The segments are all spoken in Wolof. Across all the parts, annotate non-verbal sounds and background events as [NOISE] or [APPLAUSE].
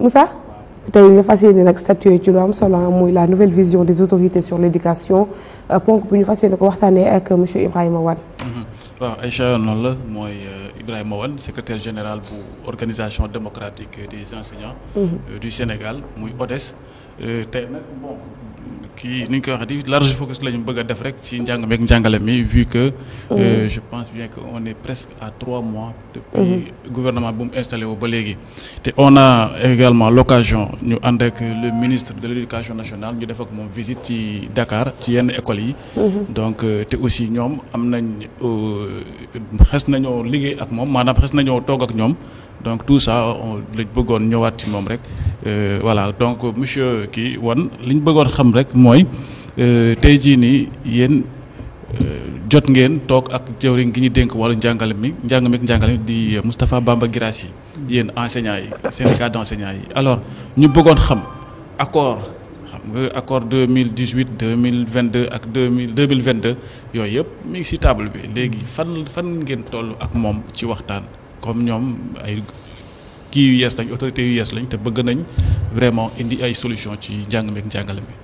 Moussa tey nga fas yéene nag statuer ci lu am solo ah, muy la nouvelle vision des autorités sur l'éducation euh, ponk bu ñu fas yéene waxtaanee ak monsieur Ibrahima Wane. Mhm. waaw Aïcha noonu la mooy euh, Ibrahima Wane secretaire général bu organisation démocratique des enseignants. Mhm. Euh, du Sénégal muy ODES tey nag bon. kii ni ñu koy waxee di large focus la ñu bëgg a def rek ci njàng meeg njàngale mi vu que. Euh, mm-hmm. je pense bien que on est presque à trois mois. Mm-hmm. gouvernement bu mu installé woo ba léegi. te on a également l'occasion ñu ànd ak le ministre de l'éducation nationale ñu defak ak moom visite ci dakaar ci yenn écoles yi. Mm-hmm. donc euh, te aussi ñoom am nañ euh, xes nañoo liggéey ak moom maanaam xes nañoo toog ak ñoom. donc tout ça on lañ bëggoon ñëwaat ci moom rek euh, voilà donc monsieur kii wan li ñu bëggoon xam rek mooy euh, tey jii nii yéen euh, jot ngeen toog ak jëwriñ gi ñu dénk wàllu njàngale mi njàng mi njàngale mi di Moustapha Bamba Guirassy yi yéen enseignants yi syndicat d' enseignants yi alors ñu bëggoon xam accord xam nga mille accord 2018 deux ak 2000 2022 yooyu yëpp mi ngi si table bi léegi fan fan ngeen toll ak moom ci waxtaan comme ñoom ay kii yu yees lañ autorités yu yees lañ te bëgg nañ vraiment indi ay solution ci njàng meek njàngale mi.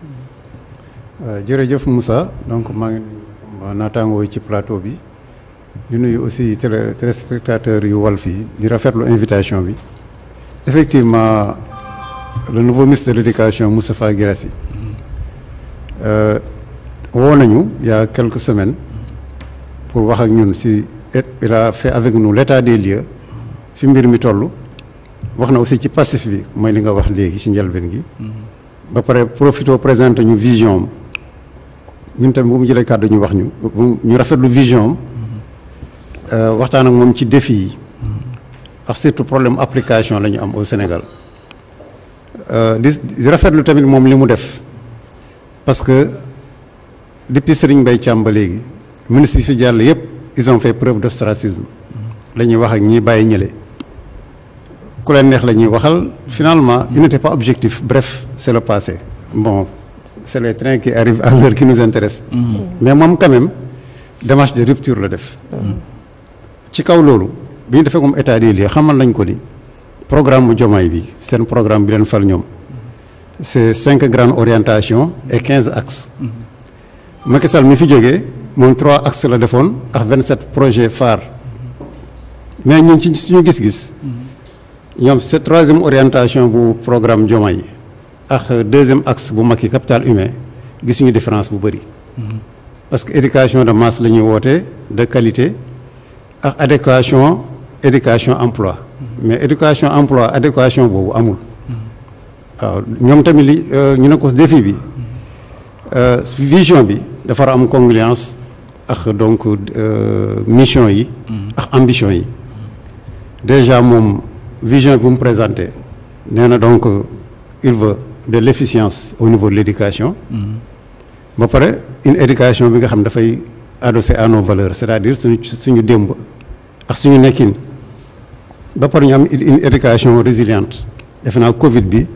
Euh, jërëjëf Moussa donc maa ngi nuyu ci plateau bi di nuyu aussi télé téléspectateurs yu Walf yi di rafetlu invitation bi effectivement le nouveau ministre de l'éducation Moustapha Guirassy euh, woo nañu il y a quelques semaines pour wax ak ñun si. il a fait avec nous l'état des lieux fi mbir mi toll wax na aussi ci passif bi mooy li nga wax léegi ci njëlbeen gi. ba pare profito présenté ñu vision am ñun tamit bu mu jëlee kàddu ñu wax ñu ñu rafetlu vision am euh, waxtaan ak moom ci défi yi ak surtout problème application la ñu am au Sénégal euh, di rafetlu tamit moom li mu def parce que depuis Serigne Mbaye Thiam ba léegi ministre yi fi jàll yëpp. ils ont fait preuve d'ostracisme la ñuy wax ak ñi bàyyi ñële ku leen neex la ñuy waxal finalement il n'était pas objectif bref c'est le passé bon c'est les trains qui arrivent à l'heure qui nous intéresse mm. Mm. mais moom quand même démarche de rupture la def ci kaw loolu bi ñu defee comme état des lieux xamal nañ ko ni programme bu Diomaye bi seen programme bi leen fal ñoom c'est cinq grandes orientation et quinze axes mm. Macky Sall mi fi jógee moom trois axes la defoon ak vingt-sept projets phares mais ñun ci suñu gis-gis ñoom c'est troisième orientation bu programme yi ax deuxième axe bu mag yi capital humain gisuñu différence bu bëri parce que éducation de masse la ñuy woote de qualité ak adéquation éducation emploi mais éducation emploi adéquation boobu amul waaw ñoom tamit li euh, ñu ne ko défi bi euh, vision bi defar am congruence ak donc euh, mission yi. Mm-hmm. ak ambition yi. déjà moom vision bu mu présenté nee na donc euh, il veut de l'efficience au niveau de l'éducation. Mm-hmm. ba pare une éducation bi nga xam dafay adossé à nos valeurs c'est-à-dire suñu suñu démb ak suñu nekkin ba pare ñu am une éducation résiliente defe naa Covid bi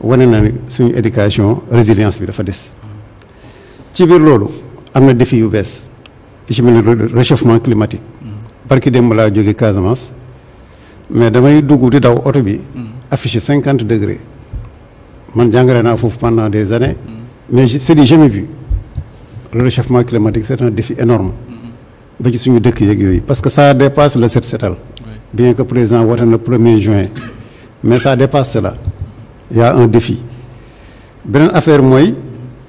wane na ni suñu éducation résilience bi dafa des ci biir loolu am na défi yu bees. li ci mel ni réchauffement climatique. Mm. barki démb laa jóge Casamance. mais damay dugg di daw oto bi. Mm. affiché cinquante degré. man jàngale naa foofu pendant des années. Mm. mais c'est du jamais vu. le réchauffement climatique c'est un défi énorme ba ci suñu dëkk yeeg yooyu parce que ça dépasse le set setal bien que président woote na premier juin mais ça dépasse cela il y a un défi beneen affaire mooy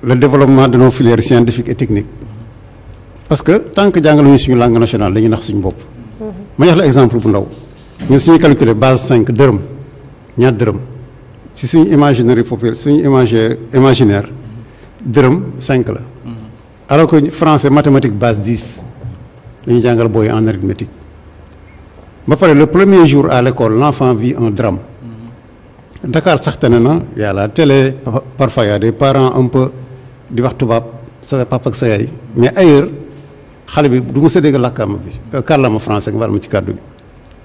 le développement de nos filières scientifiques et techniques parce que tant que jàngaluñu suñu langue nationale dañuy nax suñu bopp. ma jox la exemple bu ndaw ñun suñu calculer base 5 dërëm ñaar dërëm ci suñu imaginaire populaire suñu imaginaire imaginaire dërëm cinq la. alors que français mathématique base 10 dañuy jàngal booy en arithmétique ba pare le premier jour à lecole l'enfant vit un drame. Dakar sax tane na y a la télé parfois y des parents un peu di wax tubaab sa yaay mais ailleurs. xale bi du ma sa dégg làkkaama bi euh, kàllaama français nga baal ma ci kàddu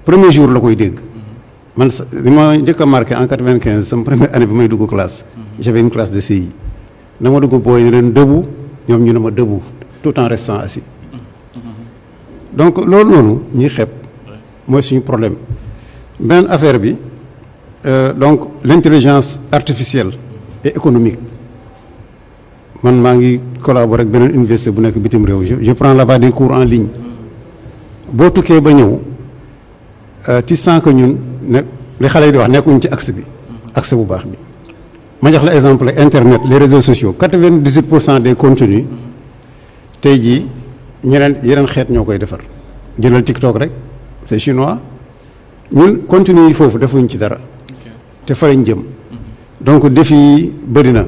bi jour la koy dégg man sa li ma njëkk a en quatre vingt quinze sama première année bi may dugg classe j'avais une classe de CI na ma dugg booy ne leen debout ñoom ñu ne ma debout tout en restant assis donc loolu noonu ñuy xeeb mooy suñu problème beneen affaire bi euh, donc l'intelligence artificielle et économique man maa ngi collaborer ak beneen université bu nekk bitim réew je prends là-bas des cours en ligne boo tukkee ba ñëw ci euh, sànq ñun ne li xale yi di wax nekkuñ ci axe bi axe bu baax bi ma jox la exemple internet les réseaux sociaux quatre-vingt-dix-huit pour cent des contenus tey jii ñeneen yeneen xeet ñoo koy defar jëlal TikTok rek c'est chinois ñun continue yi foofu defuñ ci dara te fa jëm donc défi yi bëri na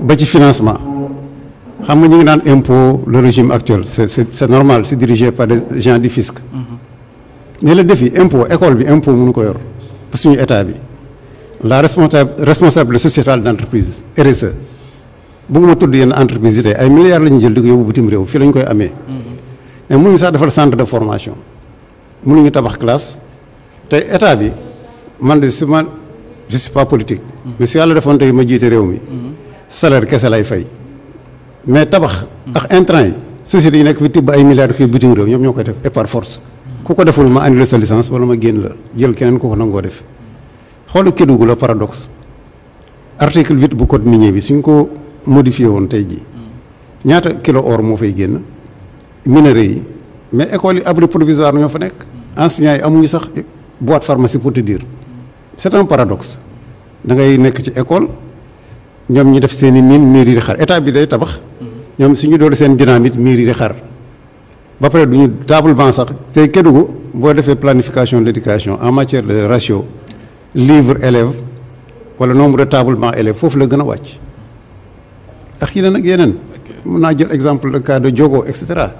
ba ci financement xam nga ñu ngi naan impôt le régime actuel c'est c'est normal c'est dirigé par des gens du fisc. Mm-hmm. mais le défi impôt école bi impôt mënu ko yor ba suñu état bi la responsable responsable sociétale d'entreprise RSE bëgguma tudd yenn entreprise yi tey ay milliards la ñu jël di ko yóbbu bitim réew fii la ñu koy amee. Mm-hmm. mais mënuñu sax defal centre de formation mënuñu tabax classe tey état bi man de su ma je suis pas politique. Mm-hmm. mais su yàlla defoon tey ma jiite réew mi. salaire kese lay fay. mais tabax. ak intrant yi. sociétés yi nekk fi tibb ay milliards kii bitim réew ñoom ñoo koy def et par force. ku ko deful ma annulé sa licence wala ma génn la jël keneen ku ko nangoo def xoolu Kédougou la paradoxe article huit bu code minier bi suñ ko modifié woon tey jii ñaata kilo or moo fay génn minerais yi mais école yi abri provisoire ñoo fa nekk enseignants yi amuñu sax boîte pharmacie pour te dire c'est un paradoxe da ngay nekk ci école ñoom ñi def seen i mine mairie di xar état bi day tabax ñoom suñu doon seen dynamite miir yi di xar ba pare du ñu table sax tey Kédougou boo defee planification d'éducation en matière de ratio livre élève wala nombre de table banc élève foofu la gën a wàcc ak yeneen nag yeneen mën naa jël exemple le cas de Diogo et cetera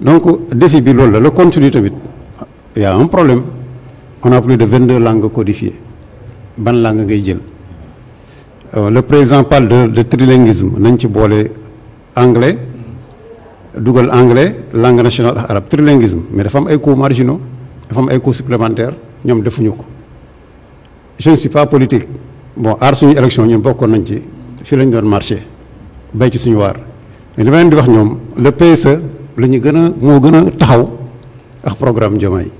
donc défi bi loolu la le contenu tamit y a problème on a plus de vingt-deux langues codifiées ban langue ngay jël euh, le président parle de de trilinguisme nañ ci boole anglais dugal anglais langue nationale ak arabe trilinguisme mais dafa am ay cours marginaux dafa am ay cours supplémentaires ñoom defuñu ko je ne pas politique bon aar suñu élection ñun bokkoon nañ ci fii lañ doon marché bay ci suñu waar mais li leen di wax ñoom le PSE la ñu gën a moo gën a taxaw ak programme Diomaye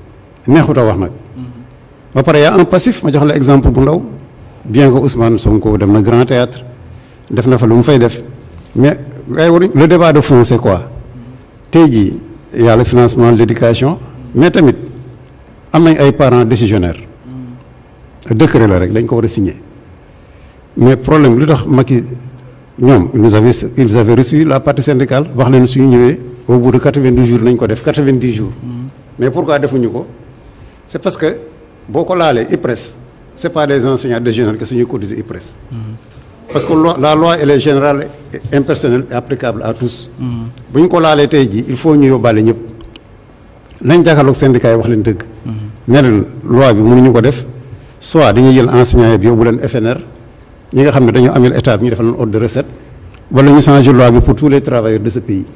neexut a wax nag ba pare y a un passif ma jox la exemple bu ndaw bien que Ousmane Sonko dem na Grand Théâtre def na fa lu mu fay def waaye waruñ le débat de fond quoi tey jii y financement de l'éducation mais tamit am nañ ay parent décisionnaires mm. décret la rek dañ ko war a signer mais problème lu tax Macky ñoom nous avait ils avaient reçu la partie syndicale wax leen suñu ñëwee au bout de quatre-vingt-dix jours nañ ko def quatre-vingt-dix jours mm. mais pourquoi defuñu ko c'est parce que boo ko laalee IPRES c'est pas des enseignants décisionnaires que suñuy cotiser IPRES mm. parce que la loi elle générale impersonnel et applicable à tous. bu ñu ko laalee tey jii il faut ñu yóbbaale ñëpp nañ jàkkaarloog syndicat yi wax leen dëgg. ne leen loi bi mënuñu ko def soit dañuy jël enseignant yi yóbbu leen FNR ñi nga xam ne dañoo amel état bi ñu defal leen ordre de recette wala ñu changer loi bi pour tous les travailleurs de ce pays.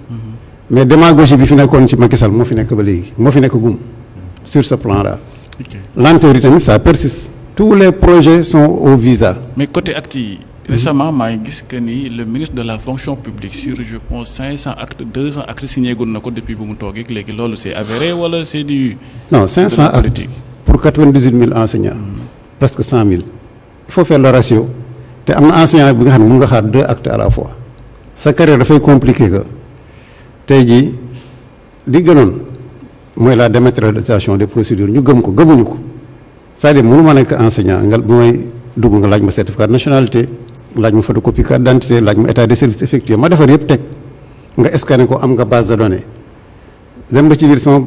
mais démagogie bi fi nekkoon ci Macky Sall moo fi nekk ba léegi moo fi nekk gum sur ce plan là. lenteur yi tamit ça persiste. tous les Mm-hmm. récemment maa ngi gis que ni le ministre de la fonction publique sur je pense cinq cent actes deux na ko depuis bu mu toogee léegi loolu c'est avéré wala c'est du. non cinq cent actes pour quatre-vingt-dix-hupt mille enseignants. Mmh. presque cent mille. il faut faire le ratio te am na enseignant bi nga xam ne mun nga xaar deux actes à la fois. sa carrière dafay compliqué que tey jii li gënoon mooy la dématérialisation des procédures ñu gëm ko gëmuñu ko c'est-à-dire mënu ma nekk enseignant nga bu may dugg nga laaj ma nationalité. laaj ma photocopie carte d'identité laaj ma état de service effectué ma defar yëpp teg nga scanné ko am nga base de données dem ba ci biir sama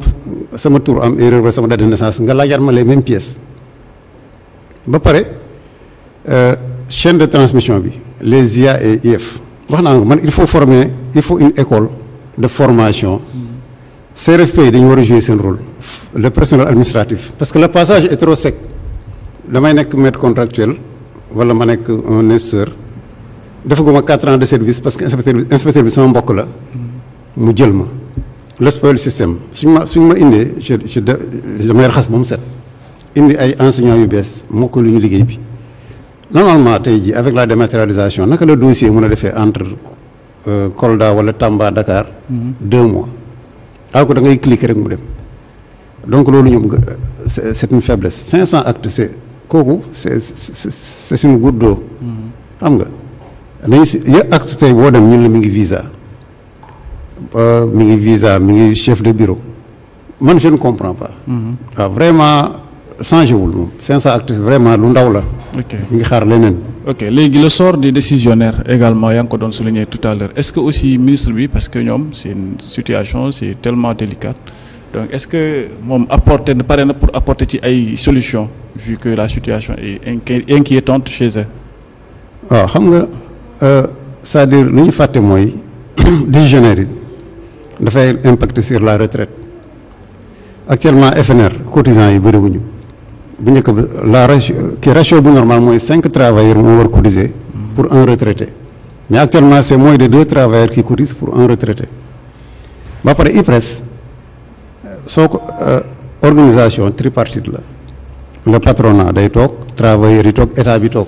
sama tur am sama date de naissance nga laajaat ma les mêmes pièces ba pare euh, chaine de transmission bi les IA et wax naa nga man il faut former il faut une école de formation CRFP yi dañu war a jouer seen rôle le personnel administratif parce que le passage est trop sec damay nekk maître contractuel wala ma nekk un ko ma quatre ans de service parce que inspecteur bi inspecteur bi sama mbokk la mu jël ma le spoil système suñ ma suñ ma indee je je damay raxas ba mu set indi ay enseignants yu bees moo ko lu ñu liggéey bi normalement tey jii avec la dématérialisation naka la dossier mën a defee entre euh, Kolda wala Tamba Dakar. Mm-hmm. deux mois. alors que da ngay cliquer rek mu dem donc loolu ñoom c'est une faiblesse 500 actes c'est kooku c'est c'est une goutte d'eau xam nga nañu si yë acte tey boo dem ñun la mi ngi visa euh, mi ngi visa mi ngi chef de bureau man je ne comprends pas waaw mhm. ah, vraiment changé wul moom 500 actes vraiment lu ndaw la mi ngi xaar leneen ok léegi le sort des décisionnaires également yaa ngi ko doon souligner tout à est-ce que aussi ministre bi parce que ñoom c'est une situation c'est tellement délicate donc est-ce que moom apporter pare na pour apporter ci ay solution vu que la situation est inquiétante chez eux waaw xam nga euh, c'est-à-dire lu ñu fàtte mooy décisionnaire [COUGHS] yi dafay impacter sur la retraite actuellement FNR cotisants yi bëriwuñu bu njëkk ba la ratio ki ratio bu normal mooy cinq travailleurs moo war cotiser pour un retraité mais actuellement c'est mooy de deux travailleurs qui cotisent pour un retraité ba pare IPRES soo ko euh, organisation tripartite la le patronat day toog travailleurs yi toog état bi toog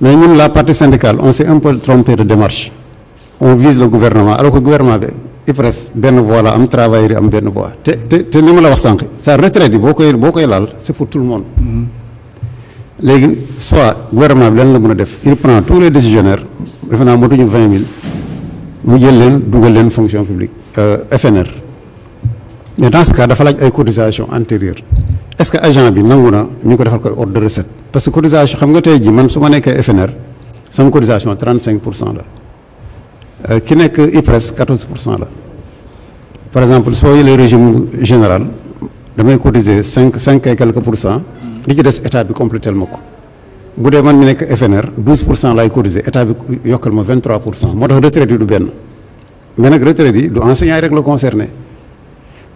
mais ñun la partie syndicale on s'est un peu trompé de démarche on vise la gouvernement alors que gouvernement bi benn voix am travailleurs yi am benn voix te te te li ma la wax sànq sa retraite yi boo koy boo koy laal c'est pour le monde mm-hmm. léegi soit gouvernement bi lan la mën a def il prend tous les décisionnaires defe naa motuñu vingt mille mu jël leen dugal leen fonction publique euh, FNR mais dans ce cas dafa laaj ay cotisation antérieure est-ce que agent bi nangu na ñu ko defal koy ordre de recette parce que cotisation xam nga tey ji man su ma nekkee FNR sama cotisation 35 pour cent la euh, ki nekk IPRES 14 pour cent la par exemple soo yëlee régime général damay cotiser cinq cinq et quelques pour cent li ci des état bi complété ma ko bu dee man mi nekk FNR 12 pour cent laay cotiser état bi yokkal ma 23 pour cent moo tax retraite yi du benn mais nag retraite yi du enseignant yi rek la concerné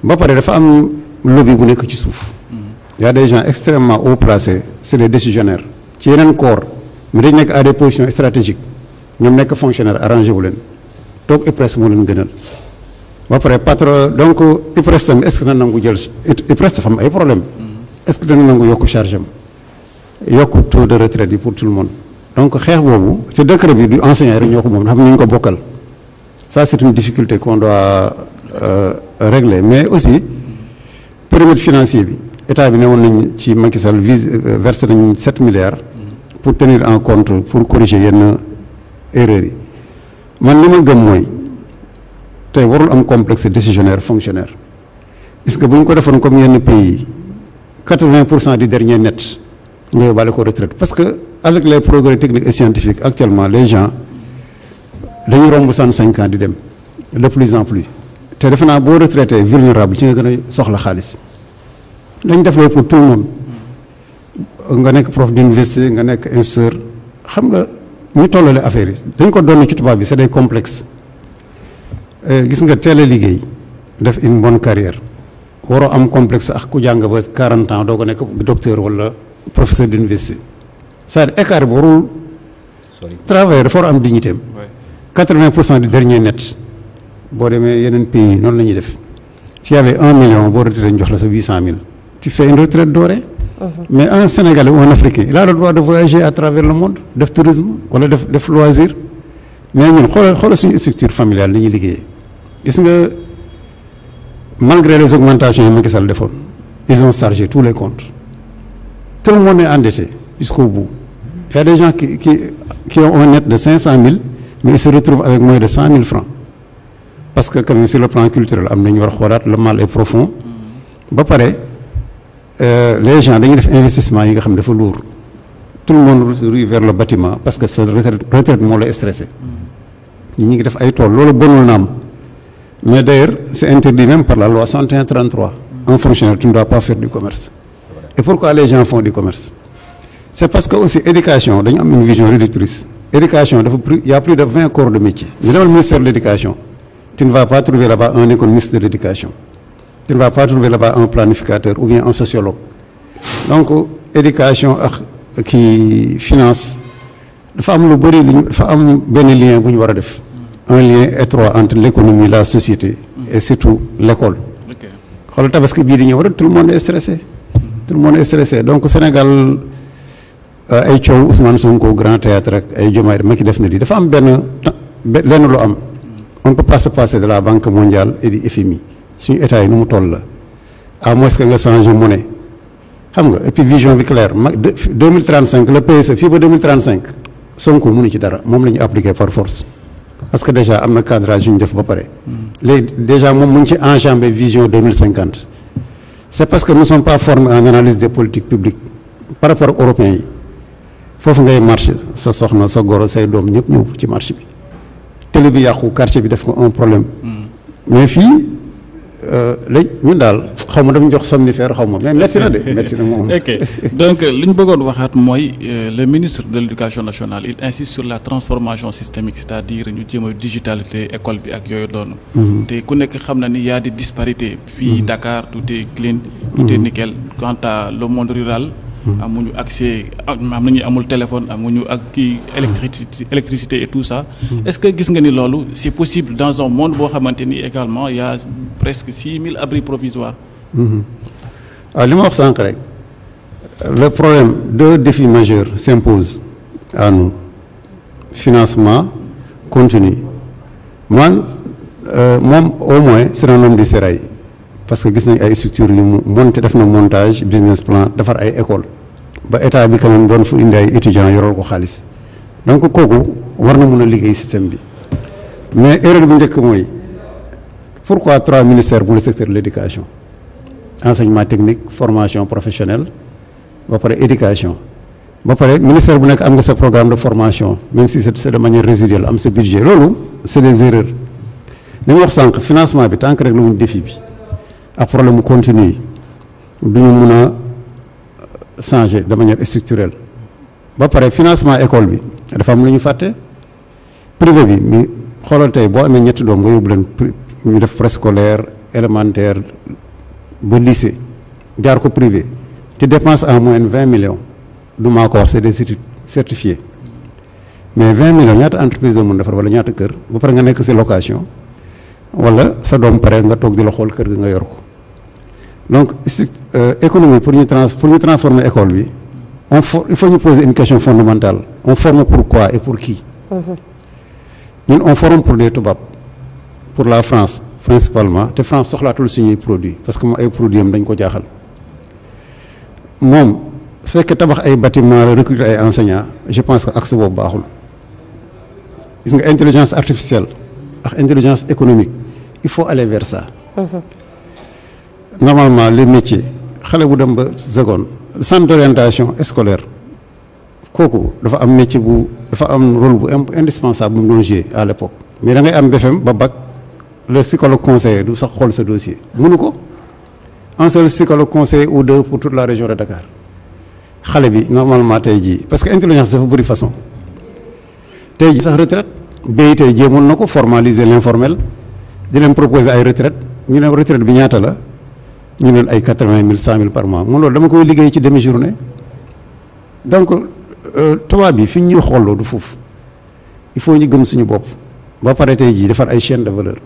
ba pare dafa am lobby bu nekk ci suuf. Mm-hmm. y des gens extrêmement haut placés c'est des décisionnaires. ci yeneen corps mais dañ nekk à des positions stratégiques ñoom nekk fonctionnaire arrangé wu leen toog IPRES moo leen gënal ba pare patron donc IPRES tamit est na que nangu jël IPRES dafa am ay problème mm-hmm. est-ce que dana nangu yokk charge am yokk taux de retraite yi pour tout le monde donc xeex boobu te décret bi du enseignant rek ñoo ko moom xam ni ñu ko bokkal ça c'est une difficulté réglé mais aussi périmètre financier bi état bi ne woon nañ ci Macky Sall vise euh, versé nañ sept milliards pour tenir en compte pour corriger yenn erreurs yi man li ma gëm mooy tey warul am complexe décisionnaire fonctionnaire est que bu ñu ko defoon comme yenn pays yi quatre-vingt pour cent du dernier net nga yóbbaale ko retraite parce que avec les progrès techniques et scientifiques actuellement les gens dañu romb cent cinq di dem de plus en plus te defe naa boo retraité vulnérable ci nga gën a soxla xaalis dañ def loolu pour tout le nga nekk prof d'université nga nekk instituteur xam nga ñu tollale affaire yi dañ ko doon ci tubaab bi c'est des complexes euh, gis nga teel liggéey def une bonne carrière waroo am complexe ak ku jàng ba quarante ans doo ko nekk docteur wala professeur d'université c'est-à-dire écart bi warul travailleur dafa war a am dignité am 80 pour cent du dernier net boo demee yeneen pays noonu la ñuy def ci avait un million boo retraité ñu jox la sa huit cent mille tu fais une retraite dorée mhm. mais un Sénégalais ou un Africain il a le droit de voyager à travers le monde def tourisme wala def def loisir mais ñun xoolal xoolal suñu structure familiale li ñuy liggéeyee gis nga malgré les augmentations yi Macky Sall defoon ils ont chargé tous les comptes tout le monde est endetté jusqu'au bout il des gens qui qui qui ont net de cinq cent mille mais ils se retrouvent cent mille francs parce que quand même sur le plan culturel am nañu war a xoolaat le mal est profond ba pare euh, les gens dañuy def investissement yi nga xam ne dafa lourd tout le monde rue vers le bâtiment parce que sa retraite moo la stressé ñi ngi def ay tool loolu bonul naam mais d'ailleurs c'est interdit même par la loi 6133 un fonctionnaire tu ne dois pas faire du commerce et pourquoi les gens font du commerce c'est parce que aussi éducation dañu am une vision tu ne vas pas trouver là-bas un économiste de l'éducation tu ne vas pas trouver là-bas un planificateur ou bien un sociologue donc éducation ak euh, kii finance dafa am lu bëri lu ñu dafa am benn lien bu ñu war a def un lien étroit entre l'économie la société et surtout l'école xoolal tabaski bii di ñëw rek tout le monde est stressé donc Sénégal euh, ay coow Ousmane Sonko grand théâtre ak ay Diomaye Macky def na lii dafa am benn lenn lu am on ne peut pas se passer de la banque mondiale et du FMI suñu état yi nu mu toll la à moins que nga changer monnaie xam nga et vision bi claire mag deux mille trente cinq le PSE fii ba deux mille trente cinq Sonko mënu ci dara moom la ñu appliqué par force parce que déjà am na cadrage yu ñu def ba pare. Hmm. léegi déjà moom mu ngi ci enjambé vision deux mille cinquante. c'est parce que nous ne sommes pas formés en analyse de politiques publiques par rapport aux européens yi foofu ngay marché sa soxna sa goro say doom ñëpp ñëw ci marché bi. télé bi yàqu quartier bi def ko un problème mais fii euh, léegi mun daal xaw ma dama jox somnifère xaw ma mais métti na de métti na moom. [LAUGHS] ok donc euh, li ñu bëggoon waxaat mooy euh, le ministre de l' éducation nationale il insiste sur la transformation systémique c' est à dire ñu jéem a digitalité école bi ak yooyu doonu mhm. te ku nekk xam na ni yaa a des disparités. fii mhm. Dakar tout est clean. tout est mhm. nickel le monde rural. amuñu accès ah, am ñuy amul téléphone ñu ak kii électricité électricité et tout ça mm-hmm. est-ce que gis nga ni loolu c'est possible dans un monde boo xamante ni également il presque six mille abris provisoires waaw mm-hmm. ah, li ma wax sànq rek le problème deux défis majeurs s'imposent à financement continue man euh, moom au moins c'est un homme du sérail parce que gis nañ ay structures yu mu te def na montage business plan defar ay école ba état bi quand même bon fu indi ay étudiants yoroo ko xaalis donc kooku war na mun a liggéey système bi mais erreur bu njëkk mooy pourquoi trois ministères pour le secteur de l' éducation enseignement technique formation professionnel ba pare éducation ba pare ministère bu nekk am nga sa programme de formation même si c' est de manière résiduelle am sa budget loolu c' est des erreurs li mu wax sànq financement bi tant que rek lu mu défi bi ak problème mu continue yi duñu changé de manière structurelle ba pare financement école bi dafa am lu ñu fàtte privé bi mi xoolal tey boo amee ñetti doom nga yóbbu leen ñu def préscolaire élémentaire ba lycée jaar ko privé te dépense en moyenne vingt millions du maa ko wax c'est des certifiés mais vingt millions ñaata entreprise da mun defar wala ñaata kër ba pare nga nekk ci location wala sa doom pare nga toog di la xool kër gi nga yor ko donc euh, économie pour ñu trans pour ñu transformer école bi on for il faut ñu poser une question fondamentale on forme pour quoi et pour qui. Mm-hmm. ñun on forme pour les tubaab pour la France principalement te France soxlaatul suñuy produits parce que moom ay produits am dañ ko jaaxal moom su tabax ay bâtiment la ay enseignants je pense que ak accès boobu baaxul gis nga intelligence artificielle ak intelligence économique il faut aller vers ça. Mm-hmm. normalement les métiers xale bu dem ba seconde centre d'orientation scolaire kooku dafa am métier bu dafa am rôle bu indispensable bu mu doon joué à l'époque mais da ngay am BFEM ba bag le psychologue conseiller du sax xool sa dossier mënu ko un seul psychologue conseiller ou deux pour toute la région de Dakar xale bi normalement tey jii parce que intelligence dafa bëri façon tey jii sax retraite BIT jéemoon na ko formaliser l'informel di leen proposer ay retraite ñu ne retraite bi ñaata la ñu leen ay quatre-vingt mille cent mille par mois mun loolu dama koy liggéey ci demi journée donc euh, tubaab bi fi ñuy xooloo du foofu il faut ñu gëm suñu bopp ba pare tey jii defar ay chaîne de valeur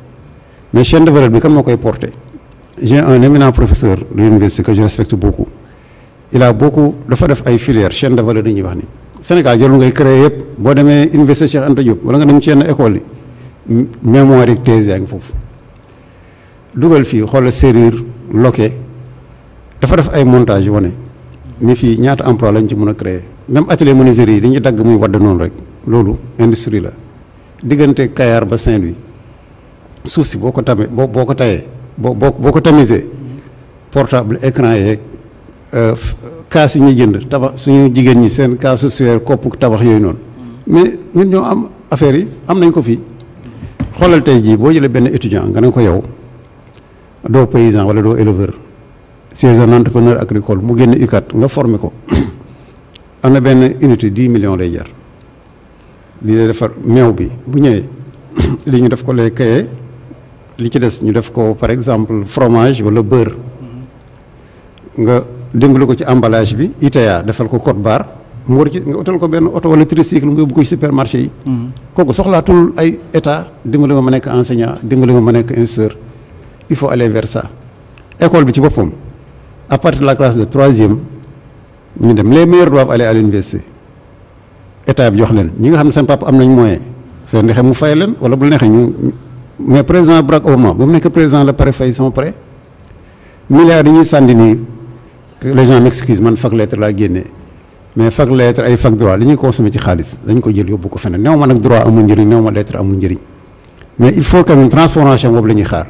mais chaîne de valeur bi kan moo koy porté j'ai un éminent professeur de l'université que je respecte beaucoup il a beaucoup dafa def ay filières chaîne de valeur yi ñuy wax ni Sénégal jarul ngay créer yëpp boo demee université Cheikh Anta Diop wala nga dem ci yenn école yi mémoire yi foofu dugal fii xoolal serrure loqué dafa def ay montage wane ni fii ñaata emploi lañ ci mun a créer même atelier menuiserie yi dañuy dagg muy wadd noonu rek loolu industrie la diggante Kayar ba Saint-Louis suuf si boo ko tamee boo boo ko tayee boo boo boo ko tamisee portable écran yeeg euh, kaas yi ñuy jënd tabax suñu jigéen ñi seen kaasu suweer kopp tabax yooyu noonu mais ñun ñoo am affaire yi am nañ ko fi xoolal tey jii boo jëlee benn étudiant nga ne ko yow doo paysan wala doo éleveur c'est un entrepreneur agricole mu génn UCAD nga formé ko [CLEARS THROAT] am na benn unité dix million lay jar li lay defar meew bi bu ñëwee [CLEARS THROAT] li ñu def ko lay kaye li ci des ñu def ko par exemple fromage wala bër mm-hmm. nga dimbali ko ci emballage bi ITA defal ko code barre mu war ci nga utal ko benn oto wala tricycle mu yóbbu ko ci supermarché yi mm-hmm. kooku soxlaatul ay état dimbali ma ma nekk enseignant dimbali ma ma nekk instituteur il faut aller vers ça école bi ci boppam à partir la classe de troisième ñu dem les meilleurs doivent aller à l'université état bi jox leen ñi nga xam ne seen papa am nañ moyen soo neexee mu fay leen wala bu neexee ñu mais président Barack Obama ba mu nekk président la pare fay son prêt milliards yi ñuy sànni nii les gens m'excusent man fac lettre laa génnee mais fac lettre ay fac droit li ñuy ci xaalis dañ ko jël yóbbu ko feneen néew ma nag droit amul njëriñ néew ma lettre amul njëriñ boobu la ñuy xaar.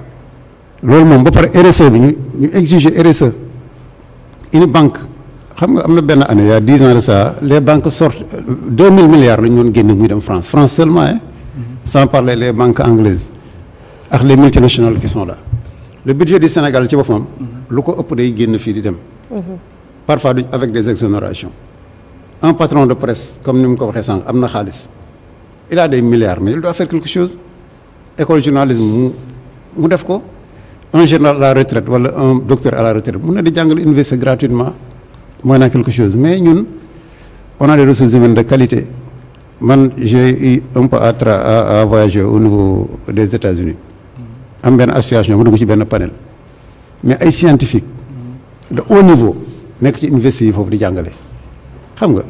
loolu moom ba pare RSE bi ñu ñu exiger e une banque xam nga am na benn année il y a dix ans de ça les banques sortent deux mille milliards la ñu doon génn muy dem France France seulement hein mm-hmm. sans parler les banques anglaises ak les multinationales qui sont là le budget du Sénégal ci boppam mm-hmm. lu ko ëpp day génn fii di dem mm-hmm. parfois du avec des exonérations en patron de presse comme ni mu ko waxee sànq am na xaalis il a des milliards mais il doit faire quelque école journalisme mu mu def ko un général à la retraite wala un docteur à la retraite mun na di jàngal université gratuitement mooy naa quelque chose mais ñun on a des ressources humaines de qualité man j'ai eu un peu à tra à voyager au niveau des États-Unis am benn association ma dugg ci benn panel mais ay scientifique de au niveau nekk ci université yi foofu di jàngale xam nga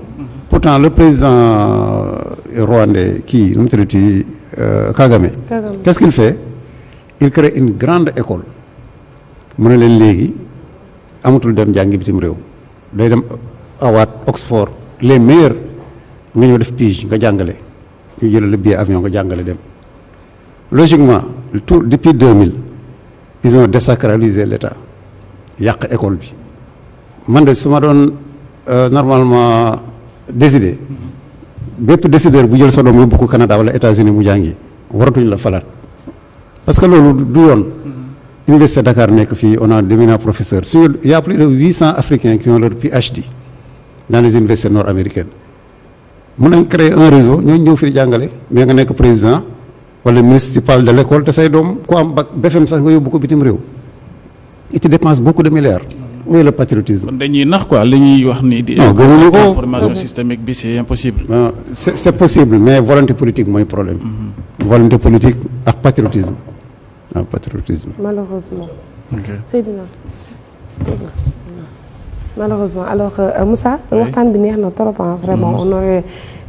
pourtant le président euh, rwandais kii nu mu tuddati euh, Kagame qu'est-ce fait il crée une grande école mu ne leen léegi amatul dem jàngi bitim réew day dem awaat Oxford les meilleurs nga ñëw def pige nga jàngale ñu jëlal le billet avion nga jàngale dem logiquement tout depuis 2000 ils ont désacralisé l'État yàq école bi man de su ma doon euh, normalement décidé mm-hmm. bépp décideur bu jël sa doom yóbbu ko Canada wala États-Unis mu jàngi waratuñ la falaat parce que loolu du yoon université Dakar nekk fii on a d'éminents professeurs suñu y a plus de huit cent africains qui ont leur PhD dans les universités nord-américaines mun nañ créer un réseau ñooñu ñëw fi jàngale mais nga nekk président wala municipal de l'école te say doom ku am bac BFEM sax nga yóbbu ko bitim réew it dépense beaucoup de milliards où est le patriotisme. kon dañuy nax quoi li ñuy wax ni di. non gëmuñu ko transformation systémique bi c'est impossible. non mooy problème. Mhm. volonté politique ak un patriotisme. malheureusement. ok Seydina. malheureusement alors euh, Moussa. waxtaan bi neex vraiment mmh. on aurait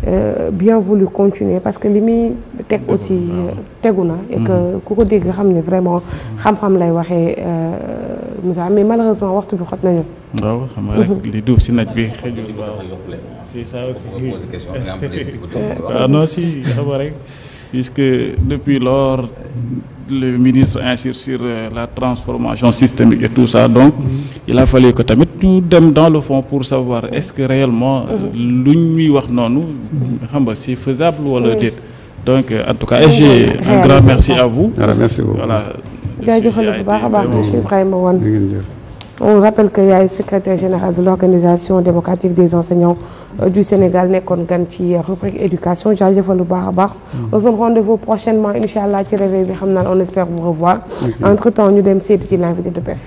euh, bien voulu continuer parce que li muy teg aussi euh, tegu na. et mmh. que ku ko dégg xam ne vraiment xam-xam lay waxe euh, Moussa mais malheureusement waxtu bi xot nañu. waaw xam nga rek li duuf si naj bi [LAUGHS] xëjul si ça aussi. waaw ah, depuis lors le ministre insiste sur euh, la transformation systémique et tout ça donc il a ko tamit ñu dem dans le fond pour savoir est-ce que réellement euh, lu ñuy wax noonu xam nga c'est faisable wala déet donc euh, en tout cas j'ai un grand merci à vous. voilà merci beaucoup voilà bu baax a baax monsieur Ibrahima Wane on rappelle que yaay secrétaire général de l'organisation démocratique des enseignants euh, du Sénégal nekkoon gan ci euh, rubrique éducation jaajëfal lu baax a baax mm-hmm. nous sommes rendez-vous prochainement incha ci réveil bi xam naan on espère vous revoir mm-hmm. entre temps ñu dem seeti ci l'invité de PEF